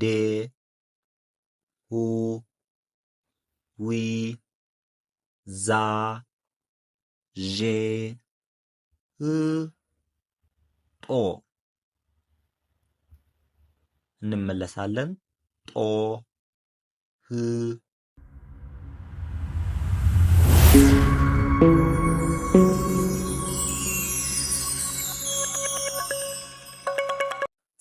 ዴ hu ዊ ዛ je ህ ጦ እንመለሳለን። ጦ ህ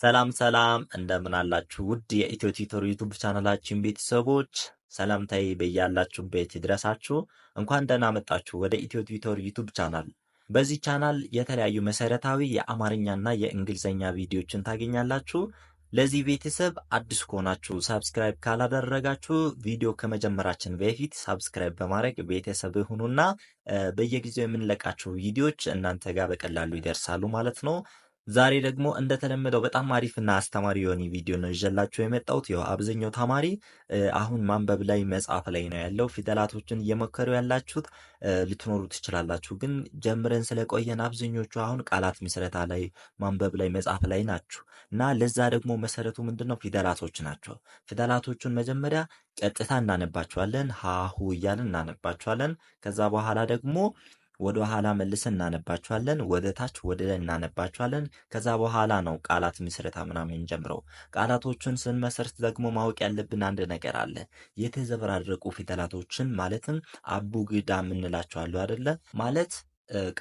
ሰላም ሰላም እንደምን አላችሁ? ውድ የኢትዮ ቲቶር ዩቱብ ቻናላችን ቤተሰቦች ሰላምታዬ በያላችሁበት ይድረሳችሁ። እንኳን ደህና መጣችሁ ወደ ኢትዮ ቲቶር ዩቱብ ቻናል። በዚህ ቻናል የተለያዩ መሰረታዊ የአማርኛና የእንግሊዝኛ ቪዲዮችን ታገኛላችሁ። ለዚህ ቤተሰብ አዲስ ከሆናችሁ ሰብስክራይብ ካላደረጋችሁ ቪዲዮ ከመጀመራችን በፊት ሳብስክራይብ በማድረግ ቤተሰብ ሁኑና በየጊዜው የምንለቃቸው ቪዲዮዎች እናንተ ጋር በቀላሉ ይደርሳሉ ማለት ነው። ዛሬ ደግሞ እንደተለመደው በጣም አሪፍና አስተማሪ የሆነ ቪዲዮ ነው ይዤላችሁ የመጣሁት። ያው አብዛኛው ተማሪ አሁን ማንበብ ላይ መጻፍ ላይ ነው ያለው። ፊደላቶችን እየሞከሩ ያላችሁት ልትኖሩ ትችላላችሁ፣ ግን ጀምረን ስለቆየን አብዛኞቹ አሁን ቃላት ምስረታ ላይ ማንበብ ላይ መጻፍ ላይ ናችሁ እና ለዛ ደግሞ መሰረቱ ምንድን ነው? ፊደላቶች ናቸው። ፊደላቶቹን መጀመሪያ ቀጥታ እናነባቸዋለን። ሀሁ እያልን እናነባቸዋለን። ከዛ በኋላ ደግሞ ወደ ኋላ መልሰን እናነባቸዋለን፣ ወደ ታች ወደ ላይ እናነባቸዋለን። ከዛ በኋላ ነው ቃላት ምስረታ ምናምን ጀምረው። ቃላቶቹን ስንመሰርት ደግሞ ማወቅ ያለብን አንድ ነገር አለ። የተዘበራረቁ ፊደላቶችን ማለትም አቡግዳ የምንላቸዋሉ አይደለ ማለት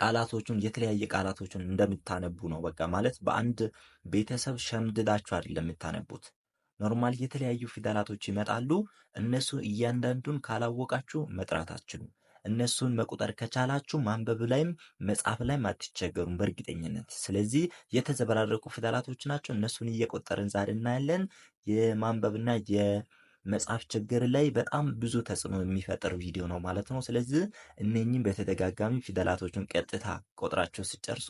ቃላቶቹን የተለያየ ቃላቶችን እንደምታነቡ ነው። በቃ ማለት በአንድ ቤተሰብ ሸምድዳችሁ አይደለም የምታነቡት። ኖርማል የተለያዩ ፊደላቶች ይመጣሉ። እነሱ እያንዳንዱን ካላወቃችሁ መጥራት አትችሉም። እነሱን መቁጠር ከቻላችሁ ማንበብ ላይም መጻፍ ላይም አትቸገሩም በእርግጠኝነት። ስለዚህ የተዘበራረቁ ፊደላቶች ናቸው። እነሱን እየቆጠርን ዛሬ እናያለን። የማንበብና የመጻፍ ችግር ላይ በጣም ብዙ ተጽዕኖ የሚፈጥር ቪዲዮ ነው ማለት ነው። ስለዚህ እነኚህም በተደጋጋሚ ፊደላቶቹን ቀጥታ ቆጥራቸው ሲጨርሱ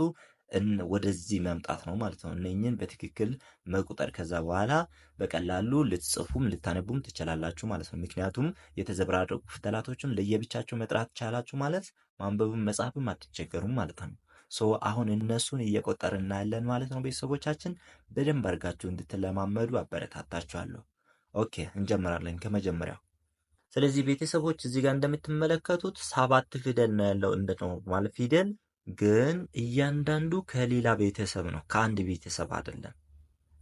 ወደዚህ መምጣት ነው ማለት ነው። እነኝን በትክክል መቁጠር ከዛ በኋላ በቀላሉ ልትጽፉም ልታነቡም ትችላላችሁ ማለት ነው። ምክንያቱም የተዘበራረቁ ፊደላቶችን ለየብቻቸው መጥራት ትችላላችሁ ማለት ማንበብም መጻፍም አትቸገሩም ማለት ነው። ሶ አሁን እነሱን እየቆጠር እናያለን ማለት ነው። ቤተሰቦቻችን በደንብ አድርጋችሁ እንድትለማመዱ አበረታታችኋለሁ። ኦኬ እንጀምራለን ከመጀመሪያው። ስለዚህ ቤተሰቦች እዚህ ጋር እንደምትመለከቱት ሰባት ፊደል ነው ያለው ማለት ፊደል ግን እያንዳንዱ ከሌላ ቤተሰብ ነው፣ ከአንድ ቤተሰብ አይደለም።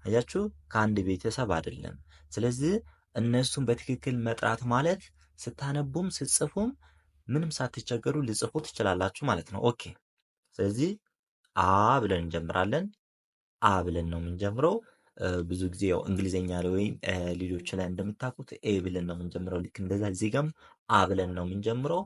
አያችሁ፣ ከአንድ ቤተሰብ አይደለም። ስለዚህ እነሱን በትክክል መጥራት ማለት ስታነቡም ስጽፉም ምንም ሳትቸገሩ ልጽፉ ትችላላችሁ ማለት ነው። ኦኬ። ስለዚህ አ ብለን እንጀምራለን። አ ብለን ነው የምንጀምረው። ብዙ ጊዜ ያው እንግሊዝኛ ላይ ወይም ሌሎች ላይ እንደምታውቁት ኤ ብለን ነው የምንጀምረው። ልክ እንደዛ እዚህ ጋም አ ብለን ነው የምንጀምረው።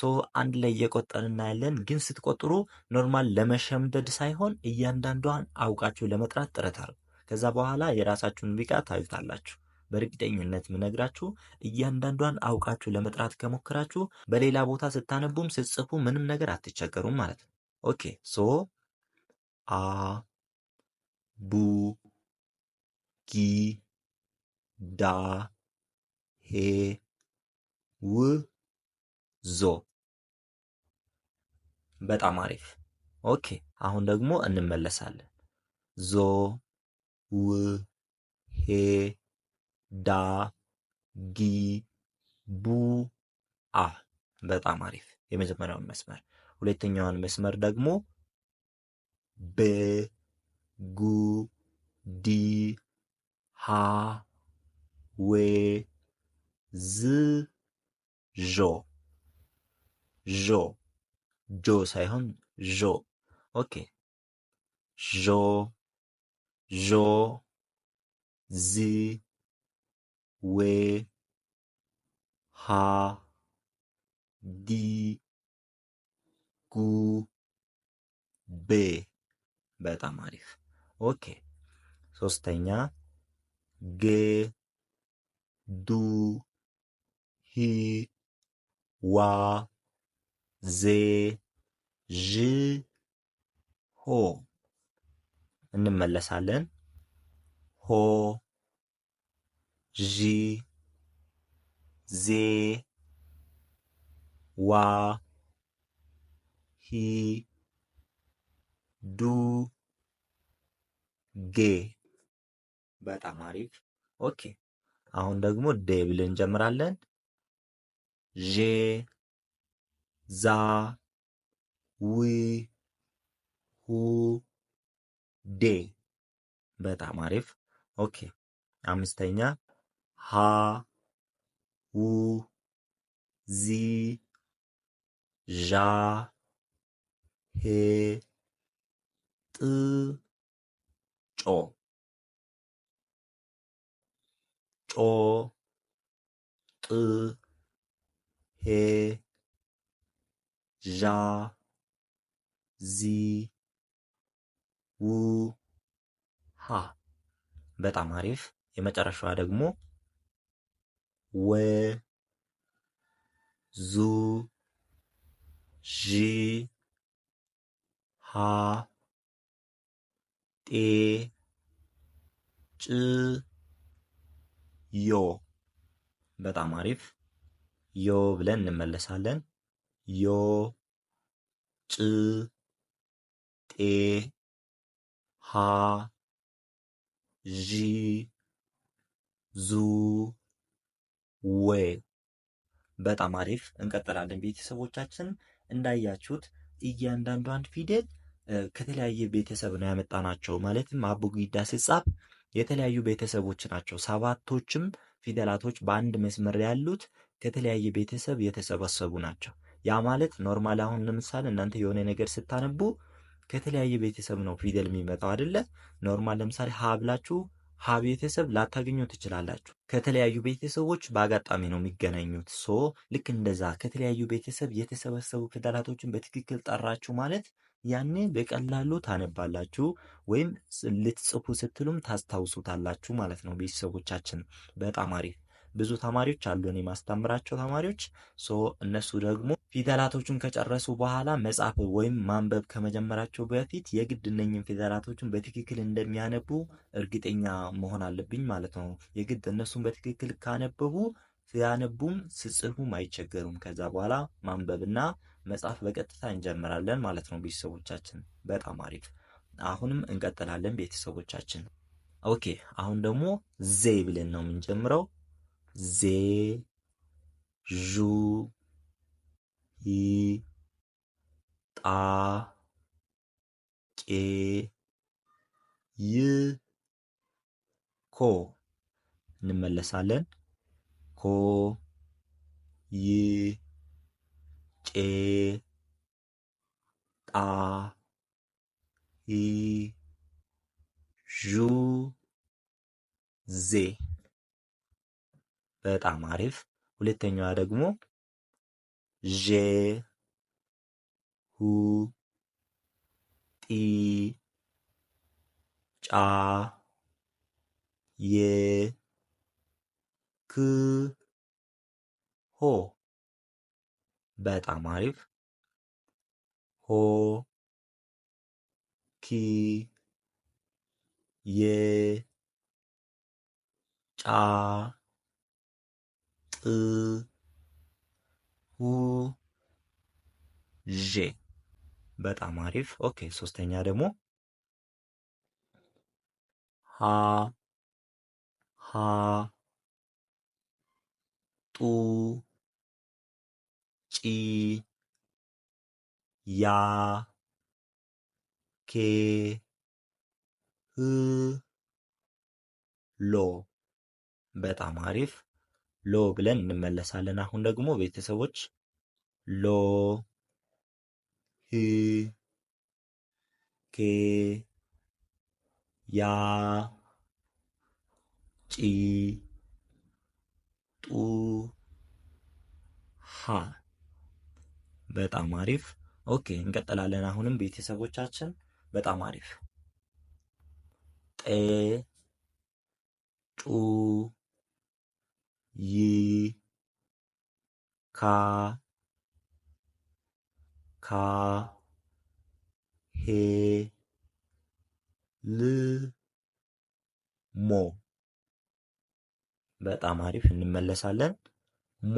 ሶ አንድ ላይ እየቆጠርን እናያለን። ግን ስትቆጥሩ ኖርማል ለመሸምደድ ሳይሆን እያንዳንዷን አውቃችሁ ለመጥራት ጥረት አለው። ከዛ በኋላ የራሳችሁን ቢቃ ታዩታላችሁ። በእርግጠኝነት ምነግራችሁ እያንዳንዷን አውቃችሁ ለመጥራት ከሞከራችሁ በሌላ ቦታ ስታነቡም ስትጽፉ ምንም ነገር አትቸገሩም ማለት ነው። ኦኬ ሶ አ ቡ ጊ ዳ ሄ ው ዞ። በጣም አሪፍ። ኦኬ አሁን ደግሞ እንመለሳለን። ዞ ው ሄ ዳ ጊ ቡ አ። በጣም አሪፍ። የመጀመሪያውን መስመር፣ ሁለተኛውን መስመር ደግሞ ቤ ጉ ዲ ሃ ዌ ዝ ዦ ዦ ጆ ሳይሆን ዦ ኦኬ ዦ ዦ ዝ ዌ ሃ ዲ ጉ ቤ በጣም አሪፍ ኦኬ ሶስተኛ ጌ ዱ ሂ ዋ ዜ ዥ ሆ እንመለሳለን። ሆ ዢ ዜ ዋ ሂ ዱ ጌ በጣም አሪፍ። ኦኬ አሁን ደግሞ ዴ ብለን እንጀምራለን። ዤ ዛ ዊ ሁ ዴ በጣም አሪፍ። ኦኬ አምስተኛ ሀ ው ዚ ዣ ሄ ጥ ጮ ጮ ጥ ሄ ዣ ዚ ው ሃ በጣም አሪፍ። የመጨረሻዋ ደግሞ ወ ዙ ዢ ሀ ጤ ጭ ዮ በጣም አሪፍ። ዮ ብለን እንመለሳለን። ዮ ጭ ጤ ሃ ዢ ዙ ዌ በጣም አሪፍ። እንቀጥላለን ቤተሰቦቻችን። እንዳያችሁት እያንዳንዷን ፊደል ከተለያየ ቤተሰብ ነው ያመጣናቸው። ማለትም አቡጊዳ ሲጻፍ የተለያዩ ቤተሰቦች ናቸው። ሰባቶችም ፊደላቶች በአንድ መስመር ያሉት ከተለያየ ቤተሰብ የተሰበሰቡ ናቸው። ያ ማለት ኖርማል አሁን ለምሳሌ እናንተ የሆነ ነገር ስታነቡ ከተለያየ ቤተሰብ ነው ፊደል የሚመጣው አይደለ? ኖርማል ለምሳሌ ሀ ብላችሁ ሀ ቤተሰብ ላታገኙ ትችላላችሁ። ከተለያዩ ቤተሰቦች በአጋጣሚ ነው የሚገናኙት። ሶ ልክ እንደዛ ከተለያዩ ቤተሰብ የተሰበሰቡ ፊደላቶችን በትክክል ጠራችሁ ማለት ያኔ በቀላሉ ታነባላችሁ ወይም ልትጽፉ ስትሉም ታስታውሱታላችሁ ማለት ነው። ቤተሰቦቻችን በጣም አሪፍ ብዙ ተማሪዎች አሉ እኔ ማስተምራቸው ተማሪዎች። እነሱ ደግሞ ፊደላቶቹን ከጨረሱ በኋላ መጻፍ ወይም ማንበብ ከመጀመራቸው በፊት የግድ እነኝን ፊደላቶቹን በትክክል እንደሚያነቡ እርግጠኛ መሆን አለብኝ ማለት ነው። የግድ እነሱን በትክክል ካነበቡ ሲያነቡም ስጽፉም አይቸገሩም። ከዛ በኋላ ማንበብና መጻፍ በቀጥታ እንጀምራለን ማለት ነው። ቤተሰቦቻችን በጣም አሪፍ። አሁንም እንቀጥላለን ቤተሰቦቻችን። ኦኬ አሁን ደግሞ ዜ ብለን ነው የምንጀምረው። ዜ ዡ ይ ጣ ቄ ይ ኮ እንመለሳለን። ኮ ይ ጬ ጣ ይ ዡ ዜ በጣም አሪፍ። ሁለተኛዋ ደግሞ ዤ ሁ ጢ ጫ የ ክ ሆ በጣም አሪፍ። ሆ ኪ የ ጫ ă, u, ዤ በጣም አሪፍ። ኦኬ ሶስተኛ ደግሞ ሀ ሀ ጡ ጪ ያ ኬ ህ ሎ በጣም አሪፍ። ሎ ብለን እንመለሳለን። አሁን ደግሞ ቤተሰቦች ሎ ህ ኬ ያ ጪ ጡ ሃ በጣም አሪፍ። ኦኬ እንቀጥላለን። አሁንም ቤተሰቦቻችን በጣም አሪፍ ጤ ጩ ይ ካ ካ ሄ ል ሞ በጣም አሪፍ እንመለሳለን። ሞ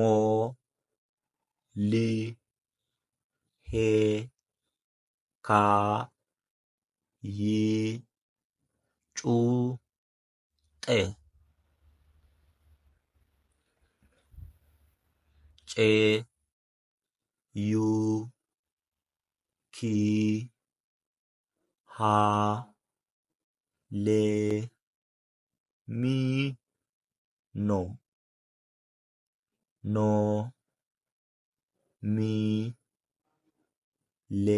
ል ሄ ካ ይ ጩ ጥ ቄ ዩ ኪ ሃ ሌ ሚ ኖ ኖ ሚ ሌ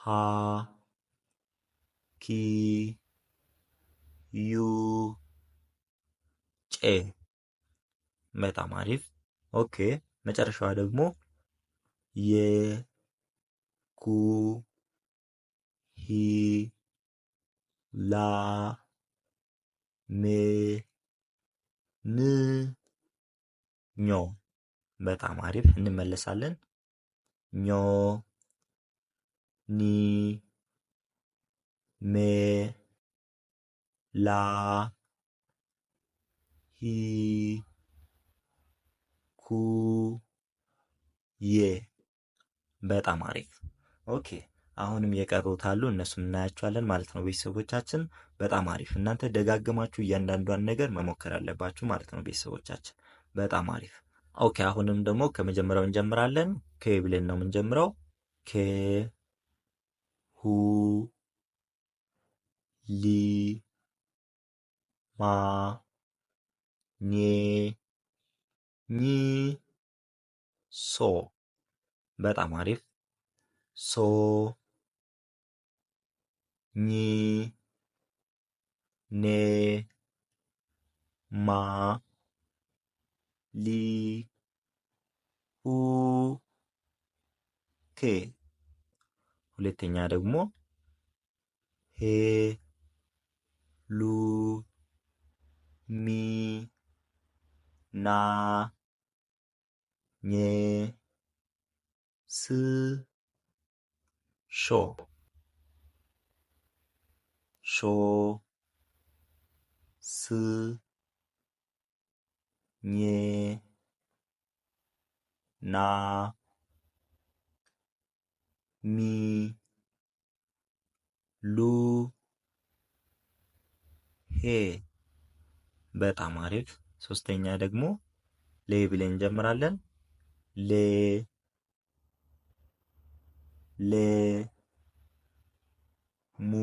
ሃ ኪ ዩ ጬ በጣም አሪፍ። ኦኬ መጨረሻዋ ደግሞ ን ኞ በጣም አሪፍ እንመለሳለን። ኞ ኒ ሜ ላ ሂ ኩዬ በጣም አሪፍ። ኦኬ አሁንም የቀሩት አሉ እነሱን እናያቸዋለን ማለት ነው። ቤተሰቦቻችን በጣም አሪፍ። እናንተ ደጋግማችሁ እያንዳንዷን ነገር መሞከር አለባችሁ ማለት ነው። ቤተሰቦቻችን በጣም አሪፍ። ኦኬ አሁንም ደግሞ ከመጀመሪያው እንጀምራለን። ኬ ብለን ነው የምንጀምረው። ኬ ሁ ሊ ማ ኔ ኝ ሶ በጣም አሪፍ ሶ ኝ ኔ ማ ሊ ሁ ኬ ሁለተኛ ደግሞ ሄ ሉ ሚ ና ኝ ስ ሾ ሾ ስ ኜ ና ሚ ሉ ሄ በጣም አሪፍ ሶስተኛ ደግሞ ሌ ብለን እንጀምራለን። ሌ ሌ ሙ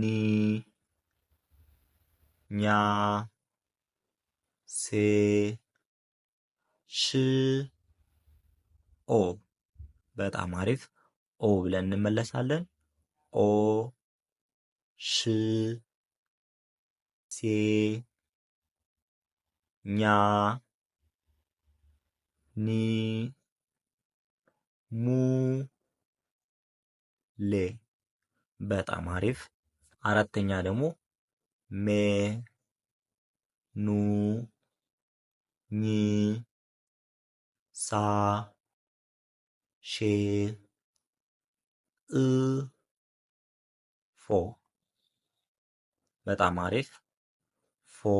ኒ ኛ ሴ ሽ ኦ በጣም አሪፍ ኦ ብለን እንመለሳለን። ኦ ሽ ሴ ኛ ኒ ሙ ሌ በጣም አሪፍ። አራተኛ ደግሞ ሜ ኑ ኝ ሳ ሼ እ ፎ በጣም አሪፍ። ሆ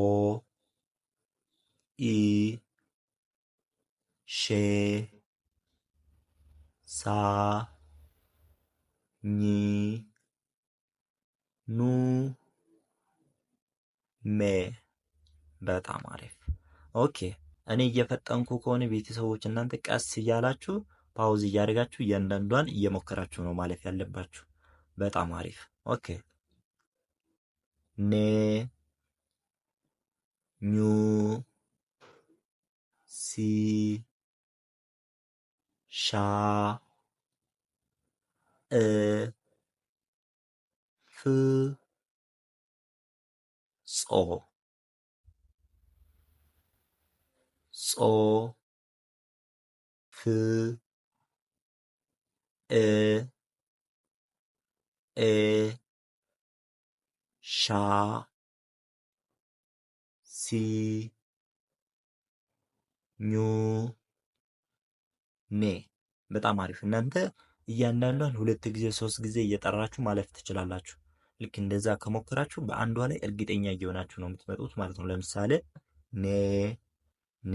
ይ ሜ በጣም አሪፍ። ኦኬ እኔ እየፈጠንኩ ከሆነ ቤተሰቦች እናንተ ቀስ እያላችሁ ፓውዝ እያደርጋችሁ እያንዳንዷን እየሞከራችሁ ነው ማለፍ ያለባችሁ። በጣም አሪፍ ኦኬ ኔ ኙ ሲ ሻ እ ፍ ጾ ጾ ፍ እ ኤ ሻ ሲኞሜ በጣም አሪፍ። እናንተ እያንዳንዷን ሁለት ጊዜ ሶስት ጊዜ እየጠራችሁ ማለፍ ትችላላችሁ። ልክ እንደዛ ከሞከራችሁ በአንዷ ላይ እርግጠኛ እየሆናችሁ ነው የምትመጡት ማለት ነው። ለምሳሌ ኔ ኔ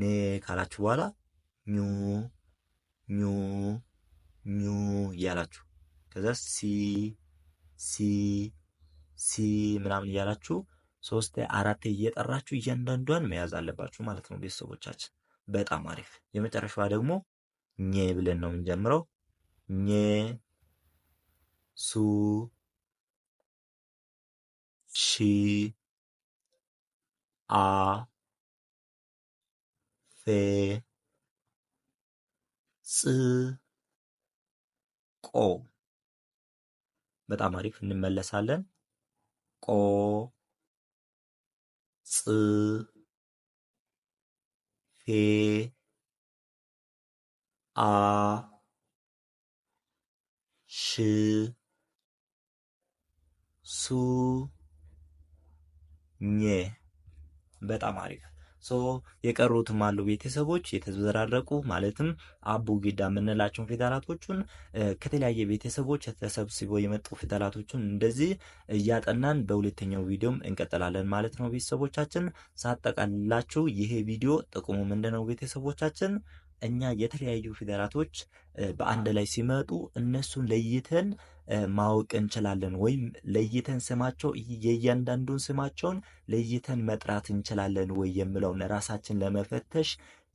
ኔ ካላችሁ በኋላ ኙ ኙ ኙ እያላችሁ ከዛ ሲ ሲ ሲ ምናምን እያላችሁ ሶስት አራት እየጠራችሁ እያንዳንዷን መያዝ አለባችሁ ማለት ነው ቤተሰቦቻችን። በጣም አሪፍ። የመጨረሻዋ ደግሞ ኘ ብለን ነው የምንጀምረው። ኘ ሱ ሺ አ ፌ ጽ ቆ። በጣም አሪፍ። እንመለሳለን። ቆ ጽ ፌ አ ሽ ሱ ኘ በጣም አሪፍ የቀሩትም አሉ ቤተሰቦች የተዘራረቁ ማለትም አቡ ጊዳ የምንላቸውን ፊደላቶቹን ከተለያየ ቤተሰቦች ተሰብስበው የመጡ ፊደላቶቹን እንደዚህ እያጠናን በሁለተኛው ቪዲዮም እንቀጥላለን ማለት ነው። ቤተሰቦቻችን ሳጠቃልላችሁ ይሄ ቪዲዮ ጥቅሙ ምንድነው? ቤተሰቦቻችን እኛ የተለያዩ ፊደላቶች በአንድ ላይ ሲመጡ እነሱን ለይተን ማወቅ እንችላለን፣ ወይም ለይተን ስማቸው የእያንዳንዱን ስማቸውን ለይተን መጥራት እንችላለን ወይ የምለውን ራሳችን ለመፈተሽ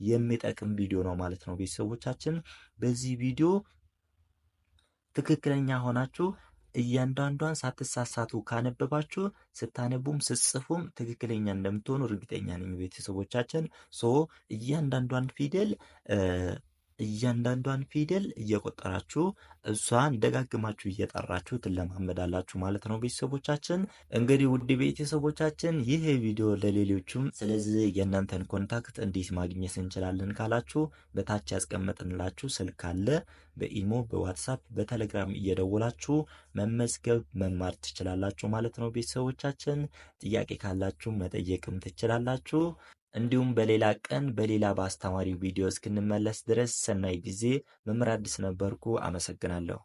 የሚጠቅም ቪዲዮ ነው ማለት ነው። ቤተሰቦቻችን በዚህ ቪዲዮ ትክክለኛ ሆናችሁ እያንዳንዷን ሳትሳሳቱ ካነበባችሁ ስታነቡም ስጽፉም ትክክለኛ እንደምትሆኑ እርግጠኛ ነኝ ቤተሰቦቻችን። ሶ እያንዳንዷን ፊደል እያንዳንዷን ፊደል እየቆጠራችሁ እሷን ደጋግማችሁ እየጠራችሁ ትለማመዳላችሁ ማለት ነው። ቤተሰቦቻችን እንግዲህ ውድ ቤተሰቦቻችን ይህ ቪዲዮ ለሌሎችም፣ ስለዚህ የእናንተን ኮንታክት እንዴት ማግኘት እንችላለን ካላችሁ በታች ያስቀመጥንላችሁ ስልክ አለ። በኢሞ በዋትሳፕ በቴሌግራም እየደወላችሁ መመዝገብ መማር ትችላላችሁ ማለት ነው። ቤተሰቦቻችን ጥያቄ ካላችሁ መጠየቅም ትችላላችሁ። እንዲሁም በሌላ ቀን በሌላ በአስተማሪው ቪዲዮ እስክንመለስ ድረስ ሰናይ ጊዜ። መምህር አዲስ ነበርኩ። አመሰግናለሁ።